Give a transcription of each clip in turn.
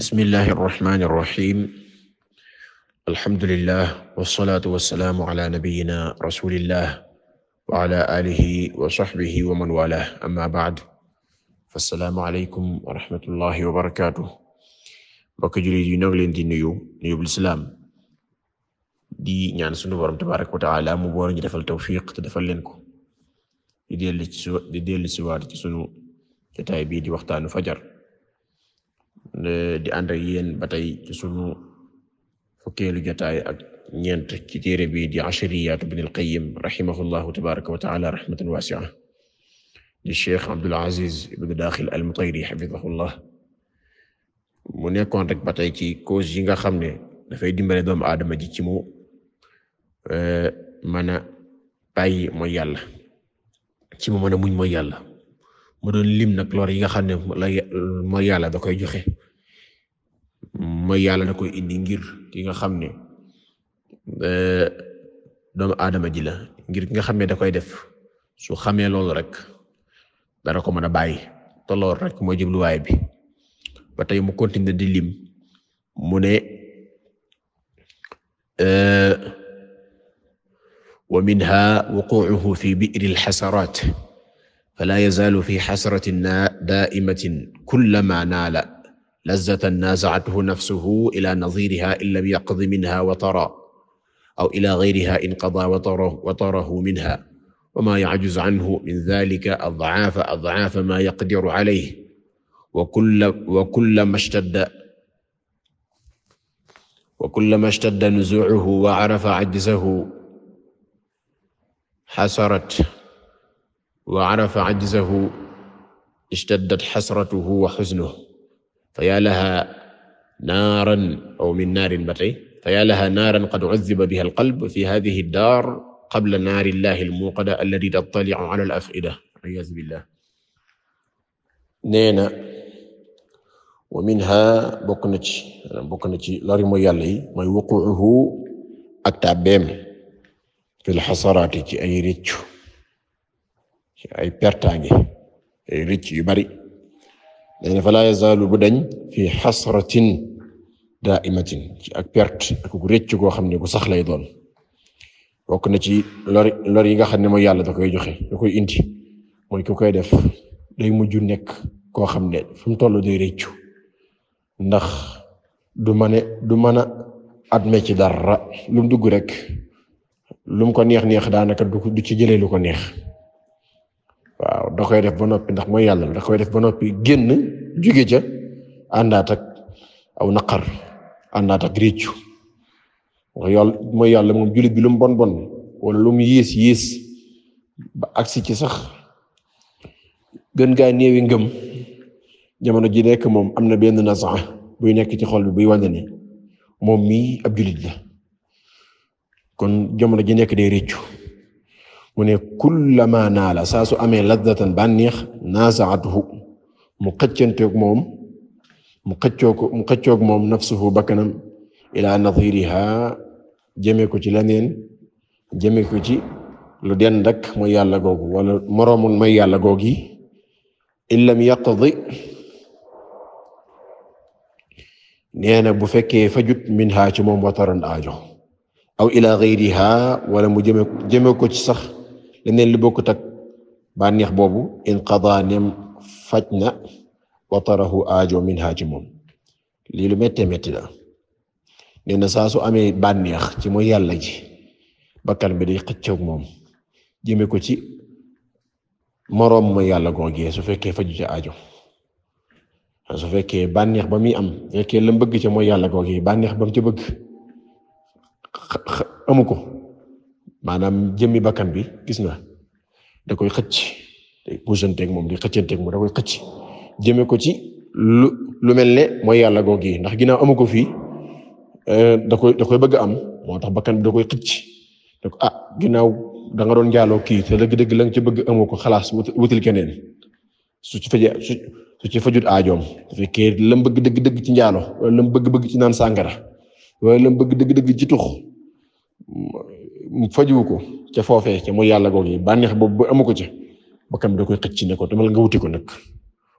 bismillahi irrahmani irrahim alhamdulilah wasalaatu wasalaamu ala nabiyina rasulillah wa ala alihi wa sahbihi wa man walah amma baad fasalaamu aleykum wa rahmatullahi wa barakatuh mbokk jullit yi ñoo ngi leen di nuyu nuyub lislaam di ñaan sunu borom tabaraka wa taala mu boole ñu defal tawfiq te defal leen ko di dellu ci di dellu ci waat ci sunu jotaay bii di waxtaanu fajar di ànd ak ba tey ci sunu fukkeelu jotaay ak ñeent ci téere bi di ashriyaat ibn al-Qayyim rahimahullahu tabaraka wa taala rahmatan wasi'a di Cheikh Abdul Aziz ibn Daxil al nekkoon rek ba tey ci cause yi nga xam ne dafay dimbale doomu aadama ji ci mu e, mën a bàyyi mooy yàlla ci mu mën muñ mooy yàlla mu doon lim nag lor yi nga xam ne mooy yàlla da koy joxe mooy yàlla da koy indi ngir ki nga xam ne eh, doomu aadama ji la ngir ki nga xam ne da koy def su xamee loolu rek dara ko mën a bàyyi te loolu rek mooy jubluwaay bi ba tey mu continuer di lim mu ne eh, wa minha wuquuhu fi bi'ri al-xasaraat fala yazaalu fi xasratin daa'imatin kullama naala lazatan naaza'athu nafsuhu ila nadhiriha in lam yaqdi minha watara aw ila ghayriha in qada watarahu minha wa ma ya'juz anhu min dhalika ad'aafa ad'aafa ma yaqdiru alayhi wa kullama ishtadda wa kullama ishtadda nuzuu'uhu wa 'arafa 'ajzahu hasarat wa 'arafa 'ajzahu ishtaddat hasratuhu wa huznuhu fa yaa laha naaran aw min naarin ba tey fa yaa laha naaran qad uzziba biha alqalb fi hadhihi ad-daar qabla naari llahi almuuqada allati tattali'u ala al-af'ida a'uuzu billah nee na wa minha bokk na ci bokk na ci lori mooy yàlla yi mooy wuquuhu ak tàbbeem fil xasaraati ci ay rëccu ci ay pertaange ay rëcc yu bari dane fa laa yazaalu bu dañ fi xasratin daimatin ci ak perte ak récc goo xam ne gu sax lay doon bokk na ci lor yi nga xam ne mooy yàlla da koy joxe da koy indi mooy ku koy def day mujj nekk koo xam ne fu mu toll day réccu ndax du mane du mën a adme ci dara lu mu dugg rek lu ko neex neex daanaka du ci jëlee lu ko neex waaw da koy def ba noppi ndax mooy yàlla da koy def ba noppi génn jóge ca àndaat aw naqar àndaat ak réccu mooy yàlla moom julit bi lum bon bon wala lu mu yées ba agsi ci sax gën gaa néewi ngëm jamono ji nekk moom am na benn nasan buy nekk ci xol bi buy wàññi ne moom mii ab julit la kon jamono ji nekk de réccu mu ne kullama naala saa su amee laddatan bànneex naasaatuhu mu xëccanteeg moom mu xëccoo ko mu xëccoog moom nafsuhu bakkanam ila nadiriha jëme ko ci leneen jëme ko ci lu dend ak mooy yàlla googu wala moroomul mooy yàlla googi in lam yaqdi bu fekkee fajut minha ci moom wataran aajo aw ila ghayriha wala mu jëme jëme ko ci sax leneen lu bokk ak bànneex boobu inqada nem faj na watarahu aajo minha ci moom lii lu méttee métti la nee saa su amee bànneex ci mooy yàlla ji bakkan bi day xëccoog moom jëme ko ci moroom mooy yàlla gi su fekkee faju ci ajo su fekkee bànneex ba muy am fekkee la mu bëgg ca mooy yàlla googee bànneex ba mu ci bëgg amu ko maanaam jëmmi bakkan bi gis na da koy xëcc day puusanteeg moom di xëccanteeg moom da koy xëcc jëme ko ci lu lu mel ne mooy yàlla googi ndax ginaaw amu ko fii euh, da koy da koy bëgg am moo tax bakkan bi da koy xëcc da ko ah ginnaaw da nga doon jaaloo kii te dëgg-dëgg la ci bëgg amoo ko xalaas wutil keneen su ci fajee su ci fajut aajoom su fekkee la mu bëgg dëgg-dëgg ci njaalo wala bëgg-bëgg ci naan sàngara wala la dëgg ci tux fajiwu ko ca foofee ca mooy yàlla googu yi bànneex boobu amu ko ca bakkan da koy xëcc ne ko demal nga wuti ko nag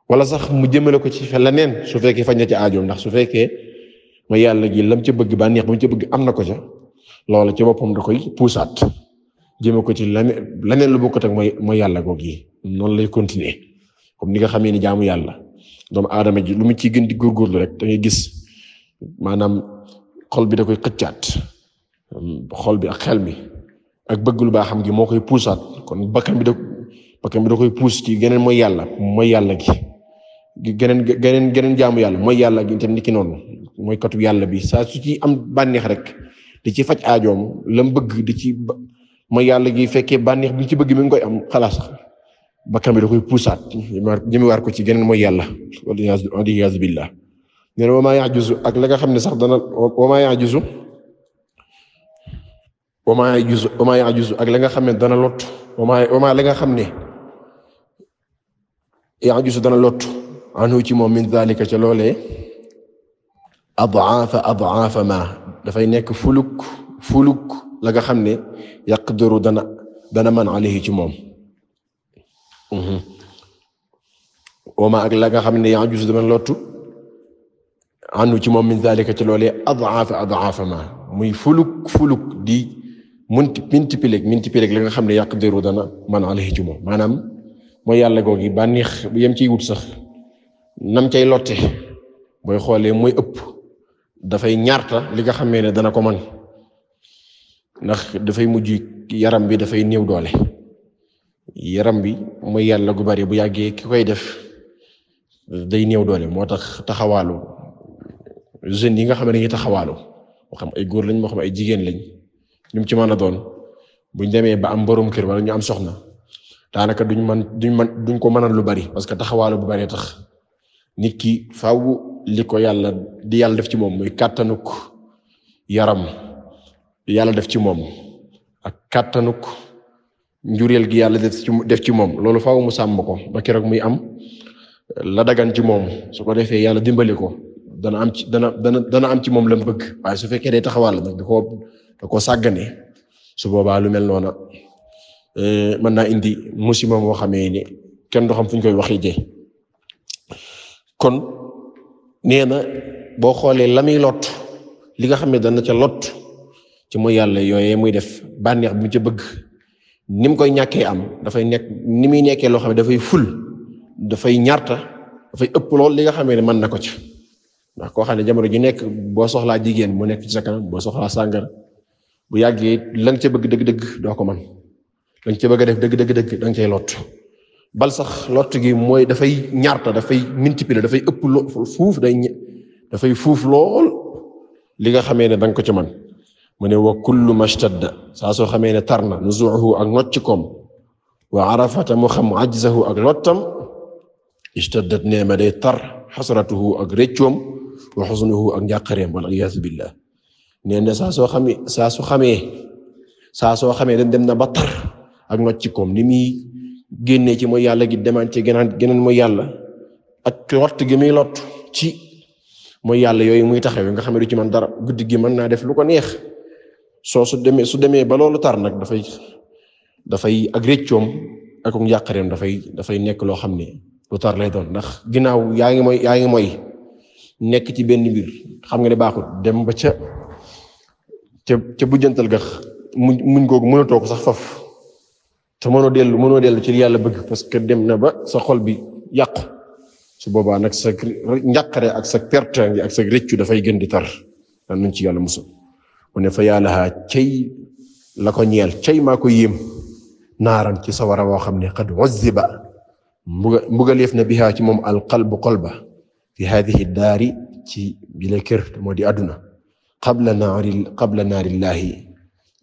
wala sax mu jëmale ko ci leneen su fekkee fañ na ca ndax su fekkee mooy yàlla gi lam ca bëgg bànneex ba ca bëgg am na ko ca loola ci boppam da koy puusaat jëme ko ci leneen lu bokkut ak mooy mooy yàlla goog yi noonu lay continuer comme ni nga xamee ni jaamu yàlla doomu aadama ji lu mu ci gën di góorgóorlu rek da ngay gis maanaam xol bi da koy xëccaat xol bi ak xel mi ak bëgg lu xam gi moo koy puusaat kon bakkan bi da bakkan bi da koy puus ci geneen mooy yàlla mooy yàlla gi geneen geneen geneen jaamu yàlla mooy yàlla gi itam ni ki noonu mooy katu yàlla bi saa su ci am bànneex rek di ci faj aajoom lam bëgg di ci mooy yàlla gi fekkee bànneex bi ci bëgg mi ngi koy am xalaas bakkan bi da koy puusaat jëmi waar ko ci geneen mooy yàlla wala iyaazu billah nee na ak la nga ne sax dana wa maa yajuzu wama yajuz wama yajuz ak la nga xam ne dana lot wama wama la nga xam ne yajuz dana lot anhu ci moom min zalika ca loolee adaafa ma dafay nekk fuluk fuluk la nga xam ne yaqdiru dana dana man alayhi ci moom mhm. wama ak la nga xam ne yajuz dana ci moom min ma muy fuluk fuluk di munti multiplier ak multiplier ak li nga xam ne yàq yaqdiru dana man alayhi ci moom maanaam mooy yàlla googi bànneex bu ci ciy wut sax nam cay lotte booy xoolee mooy ëpp dafay ñaarta li nga xame ne dana ko man ndax dafay mujj yaram bi dafay néew doole yaram bi mooy yàlla gu bari bu yàggee ki koy def day néew doole moo tax taxawaalu jeunes yi nga xam ne dañuy taxawaalu moo xam ay góor lañ moo xam ay jigéen lañ ñu mu ci mën a doon bu demee ba am borom kër wala ñu am soxna daanaka duñ man duñ man duñ ko mënal lu bari parce que taxawaalu bu bari tax nit ki fawu li ko yàlla di yàlla def ci moom muy kàttanuk yaram yàlla def ci moom ak kàttanuk njureel gi yàlla def ci def ci moom loolu faaw mu sàmm ko ba keroog muy am la dagan ci moom su ko defee yàlla dimbali ko dana am ci dana dana dana am ci moom la mu bëgg waaye su fekkee day taxawaal nag da ko da koo sàggane su boobaa lu mel noona eh, mën naa indi musiba moo xamee ni kenn du xam fu ñu koy waxee jee kon nee na boo xoolee la muy lot li nga xam ne dana ca lot ci mooy yàlla yooyee muy def bànneex bi mu ca bëgg ni koy ñàkkee am dafay nekk ni muy nekkee loo xam ne dafay ful dafay ñaarta dafay ëpp lool li nga xamee ne mën na ko ci ndax koo xam ne jamono ji nekk boo soxlaa jigéen mu nekk ci sa kanam boo soxlaa sàngar bu yàggee lang nga ca bëgg dëgg-dëgg doo ko man la nga ca bëgg a def dëgg-dëgg-dëgg da nga cay lott bal sax lott gi mooy dafay ñaarta dafay multiplier dafay ëpp lo day dafay fuuf lool li nga xamee ne da ko ca man mu ne wa kullu mashtadda saa soo xamee ne tar na nuzuuhu ak nocc koom waa wa arafata mu xam ajzahu ak lottam ishtaddat neema day tar xasratuhu ak réccoom wa xusnuhu ak njàqareem wal iyaasu billah nee na saa soo xamee saa su xamee saa soo xamee da dem na ba tar ak not ci koom ni muy génnee ci mooy yàlla gi demaan ci geneen geneen mooy yàlla ak lott gi muy ci mooy yàlla yooyu muy taxaw nga xam ne ci man dara guddi gi mën naa def lu ko neex soo su demee su demee ba loolu tar nag dafay dafay ak réccoom ak yàqareem dafay dafay nekk loo xam ne lu tar lay doon ndax ginnaaw yaa ngi mooy yaa ngi mooy nekk ci benn mbir xam nga ne baaxul dem ba ca. ca ca bu jëntal gax muñ muñ googu mënatoo toog sax faf te mënoo dellu mënoo dellu ci yàlla bëgg parce que dem na ba sa xol bi yàq su boobaa nag sa njàqare ak sax perte ngi ak sa rëccu dafay gën di tar daan nañ ci yàlla musal mu ne fa yàlla xaa cay la ko ñeel cay maa ko yéem naaran ci sawara woo xam ne qad uzziba mbuga mbugaleef na bihaa ci moom alqalbu xol ba fi haadihi daari ci bile kër moo di àdduna qabla naari qabla naarillaahi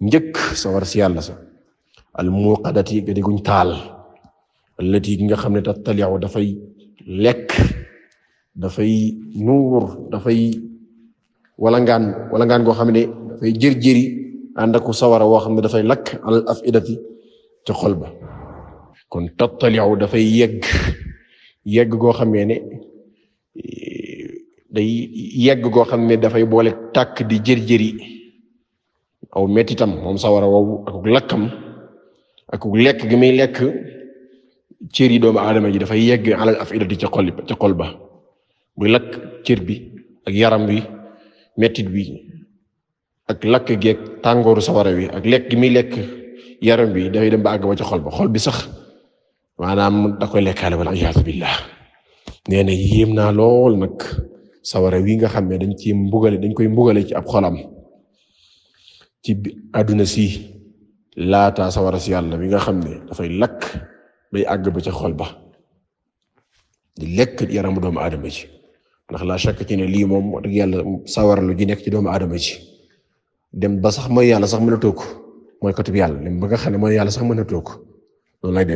njëkk sawar si yàlla al muuqadati ga di guñ taal allati gi nga xam ne tattaliu dafay lekk dafay nuur dafay walangaan walangaan goo xam ne dafay jër-jëri ànd ak sawara woo xam ne dafay lakk al afidati ca xol ba kon tattaliu dafay yegg yegg goo xamee ne day yegg goo xam ne dafay boole tàkk di jër-jëri aw mettitam moom sawara woowu ak lekk gi muy lekk cër yi doomu aadama ji dafay yegg alal afidati ca xol ca xol ba muy lakk cër bi ak yaram wi mettit bi ak lakk geeg tàngooru sawara wi ak lekk gi muy lekk yaram bi dafay dem ba àgg ba ca xol ba xol bi sax maanaam da koy lekkaale wala iyaazu billah nee na naa lool nag sawara wi nga xam ne dañ ci mbugale dañ koy mbugale ci ab xolam ci àdduna si laata sawara si yàlla wi nga xam ne dafay lakk bay àgg ba ca xol ba di lekk yaram doomu aadama ji laa shakk ci ne moom wax dëgg yàlla sawara lu ji nekk ci doomu aadama ji dem ba sax mooy yàlla sax mën a toog mooy katub yàlla dem ba nga xam ne mooy yàlla sax mën a toog noonu lay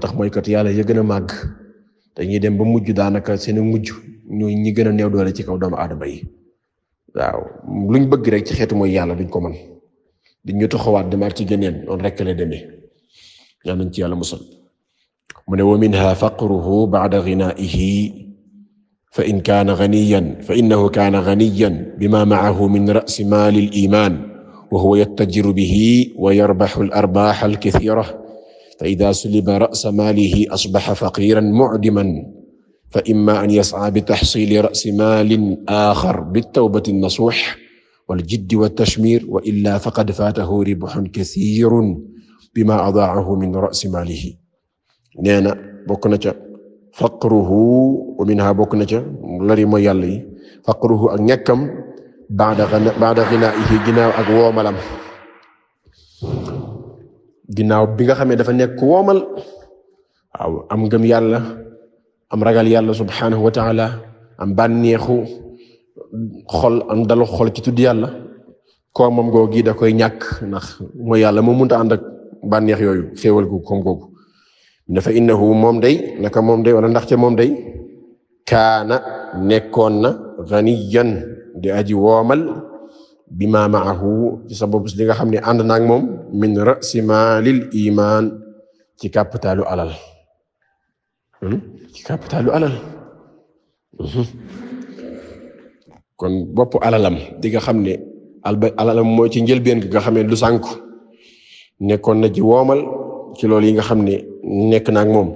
tax mooy yàlla gën a màgg dañuy dem ba mujj daanaka seen mujj ñooy ñi gën a néew doole ci kaw doomu aadama yi waaw luñ bëgg rek ci xeetu mooy yàlla duñ ko man di ñu taxawaat demaat ci geneen noonu rek la demee yal nañ ci yàlla musal mu ne wa minha faqruhu ba'da ghina'ihi fa in kaana ghaniyan fa innahu kaana ghaniyan bima ma'ahu min ra'si maali al-iimaan wa huwa yattajiru bihi wa yarbahu al-arbaaha al-kathiira fa idha suliba ra'sa maalihi asbaha faqiiran mu'diman fa imma an yas'a bi taxsili ra'si maalin aaxar bitawbati nasuux wal jiddi wa tashmiir wa illaa faqad faatahu ribxun kasiirun bimaa adaacahu min ra'si maalihi nee na bokk na ca faqruhu wa minhaa bokk na ca lari mooy yàlla yi faqruhu ak ñàkkam ba'da ba'da ginaa'ihi ginnaaw ak woomalam ginnaaw bi nga xam ne dafa nekk woomal waaw am ngëm yàlla. am ragal yàlla subhanahu wa taala am bànneexu xol am dalu xol ci tudd yàlla mom moom googi da koy ñàkk ndax mooy yàlla moo mënta ànd ak bànneex yooyu xéewal gu koom googu dafa innahu moom day naka moom day wala ndaxte moom day kaana nekkoon na ganiyan di aji woomal bi ma maahu ci nga xam ne ànd naag moom min rasimalil iman ci kapitaalu alal capitalu hmm? alal hmm. kon boppu alalam di nga xam ne alba alalam mooy ci njëlbeen gi nga xam ne du sànku nekkoon na ci woomal ci loolu yi nga xam ne nekk na ak moom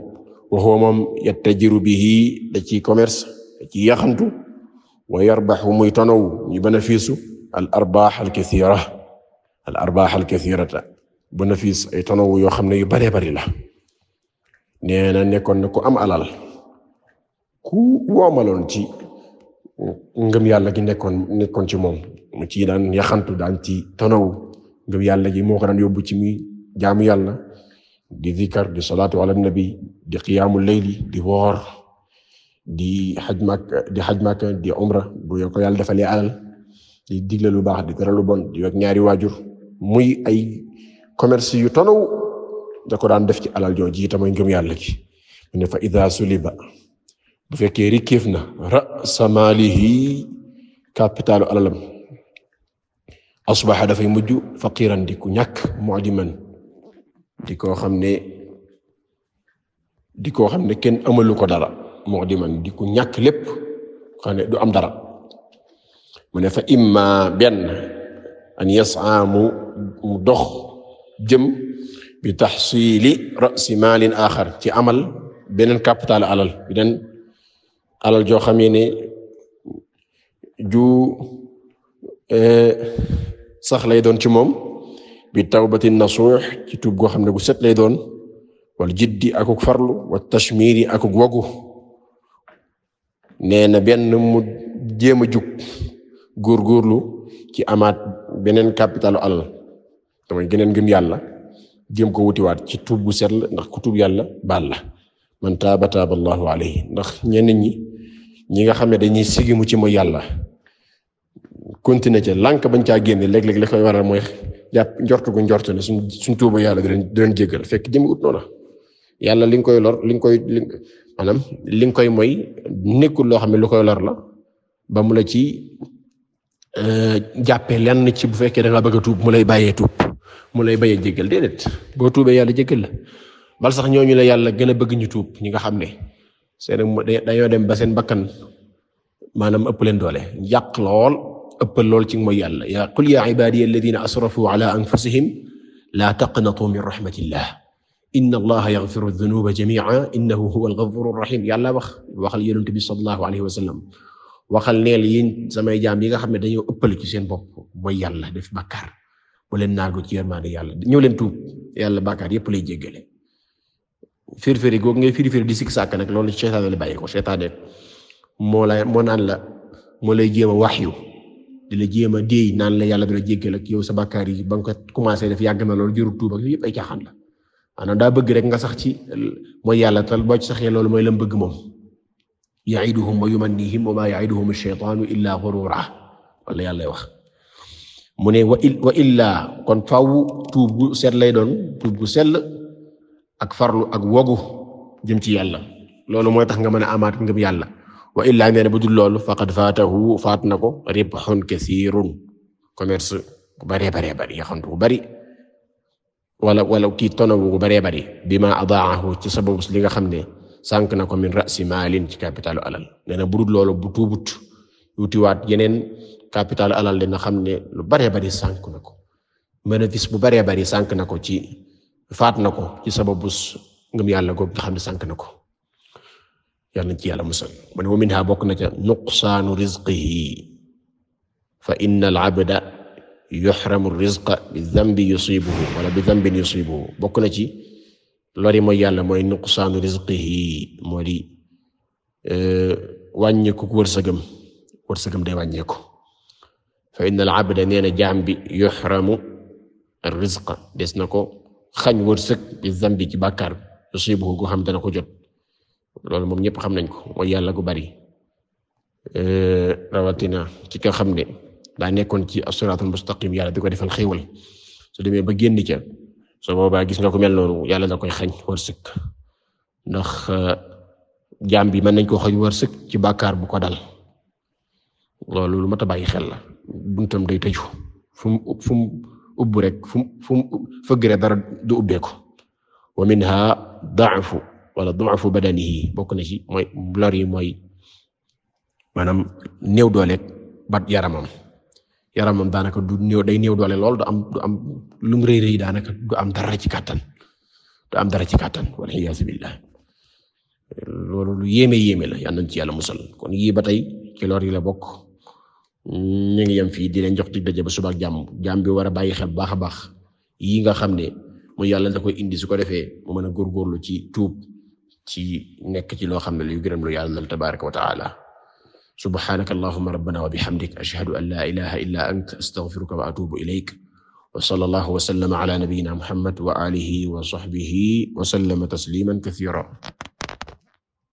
waxoo moom yattajiru bihi da ci commerce da ci yaxantu wa yarbaxu muy tonaw ñu bénéfice al arbaax al kathira al arbaax al kathirata bénéfice ay tonaw yoo xam ne yu baree bari la nee na nekkoon na ku am alal ku woomaloon ci ngëm yàlla gi nekkoon nekkoon ci moom mu ci daan yaxantu daan ci tonaw ngëm yàlla gi moo ko daan yóbbu ci muy jaamu yàlla di zikar di salaatu ala nabi di qiyaamu di woor di xaj Makka di xaj Makka di bu yo ko yàlla defalee alal di digle lu baax di tere lu bon di wek ñaari waajur muy ay commerce yu tonaw da ko daan def ci alal jooju ji tamit ngëm yàlla gi mu ne fa ida suliba bu fekkee rikiif na ra'sa maalihi capitalu alalam asbaxa dafay mujj faqiran di ku ñàkk mu'diman di koo xam ne di koo xam kenn amalu ko dara mu'diman di ku ñàkk lépp xam ne du am dara mu ne fa imma benn an yas'a mu dox jëm bi taxsiili rasi maalin axar ci amal beneen capital alal beneen alal joo xamee ne ju e, sax lay doon ci moom bi tawbati nasuux ci tuub goo xam ne gu set lay doon wal jiddi akuk farlu wa tashmiiri akuk wagu nee na benn mu jéem a jug góorgóorlu ci amaat beneen capitalu alal damay geneen gëm yàlla jëm ko wutiwaat ci tuub bu set la ndax ku tuub yàlla baal la man taaba taaba allahu alayhi ndax ñenn ñi ñi nga xam ne dañuy sigimu ci mooy yàlla continuer ca lànk bañ caa génne léeg-léeg la koy waral mooy jàpp njortu gu njort ne suñ suñ tuuba yàlla di leen di leen fekk jëm ut noonu yàlla li nga koy lor li nga koy li maanaam li nga koy mooy nekkul loo xam ne lu koy lor la ba mu la ci euh, jàppee lenn ci bu fekkee da nga bëgg a tuub mu lay bàyyee tuub. mu lay baye jéggal déedéet boo tuubee yàlla jéggal la bal sax ñooñu la yàlla gën a bëgg ñu tuub ñi nga xam ne seen dañoo dem ba seen bakkan maanaam ëpp leen doole yàq lool ëppal lool ci mooy yàlla ya qul ya ibadiya alladina asrafu ala anfusihim la taqnatu min rahmatillah inna allaha yaghfiru dhunuba jami'a innahu huwal ghafurur rahim yàlla wax waxal yonent bi sallallahu alayhi wa sallam waxal neel yéen samay jaam yi nga xam ne dañoo ëppal ci seen bopp mooy yàlla def bàkkaar bu leen naagu ci yërmande yàlla ñëw leen tuub yàlla bàkkaar yépp lay jéggale firfiri googu ngay firifiri di sikk sàkk nag loolu seytaane la bàyyi ko seytaane moo la moo naan la moo lay jéem a waxyu di la jéem a déey naan la yàlla dina jéggal ak yow sa bàkkaar yi ba nga ko commencé def yàgg na loolu jëru tuub yëpp ay caaxaan la maanaam daa bëgg rek nga sax ci mooy yàlla tal boo ci saxee loolu mooy lam bëgg moom ya'iduhum wa yumannihim wa ma ya'iduhum ash-shaytanu illa ghurura wax mu ne wa il wa illaa kon faw tuub gu set lay doon tuub gu sell ak farlu ak wogu jëm ci yàlla loolu mooy tax nga mën a amaat ngëm yàlla wa illaa nee na bu dul loolu faqad faatahu faat na ko ribhun kasirun commerce bu baree baree bari yaxantu bu bari wala wala kii tonawu bu baree bari bima adaahu ci sababu li nga xam ne sànq na ko min rasi maalin ci capitalu alal nee na loolu bu tuubut wutiwaat yeneen capital alal na xam ne lu baree bari sànk na ko bénéfice bu baree bari sànk na ko ci faat na ko ci sababu ngëm yàlla ko nga xam ne sànk na ko yàlla na ci yàlla musal mu ne wa minha bokk na ca nuqsaanu rizqihi fa inna al abda yuxramu rizqa bi dambi yusibuhu wala bi dambin yusibuhu bokk na ci lori mooy yàlla mooy nuqsaanu rizqihi moo di euh, wàññeeku wërsëgam wërsëgam day wàññeeku fa inna al abda nee na jaam bi yuxramu rizqa des na ko xañ wërsëg bi zambi ci bàkkaar yusibuhu gu xam dana ko jot loolu moom ñëpp xam nañ ko mooy yàlla gu bari rawatina ci ko xam ne daa nekkoon ci as-siraatul yàlla di ko defal xéewal su demee ba génn ca soo boobaa gis nga ko mel noonu yàlla na koy xañ wërsëg ndax jaam bi mën nañ koo xañ wërsëg ci bàkkaar bu ko dal loolu lu mat bàyyi xel la tam day tëju fu mu fu mu ubbu rek fu mu fu mu fëgg rek dara du ubbeeku wa minha da'fu wala da'fu badanihi bokk na ci mooy yi mooy maanaam néew dooleeg bat yaramam yaramam daanaka du néew day néew doole lool du am du am lu mu rëy rëy daanaka du am dara ci kàttan du am dara ci kàttan wal iyaazu billah loolu lu yéeme yéeme la yal nañ ci yàlla musal kon yii ba tey ci lor yi la bokk. ñu ngi yem fii di leen jox dig daje ba suba ak jàmm jàmm bi war a bàyyi xel baax a baax yii nga xam ne mu yàlla da koy indi su ko defee mu mën a góorgóorlu ci tuub ci nekk ci loo xam ne lu gërëm lu yàlla la tabaraka wa taala subhanaka allahumma rabbana wa bihamdik ashhadu an la ilaha illa ant astaghfiruka wa atubu ilayk wa sallallahu wa sallama ala nabiyyina muhammad wa alihi wa sahbihi wa sallama tasliman kathira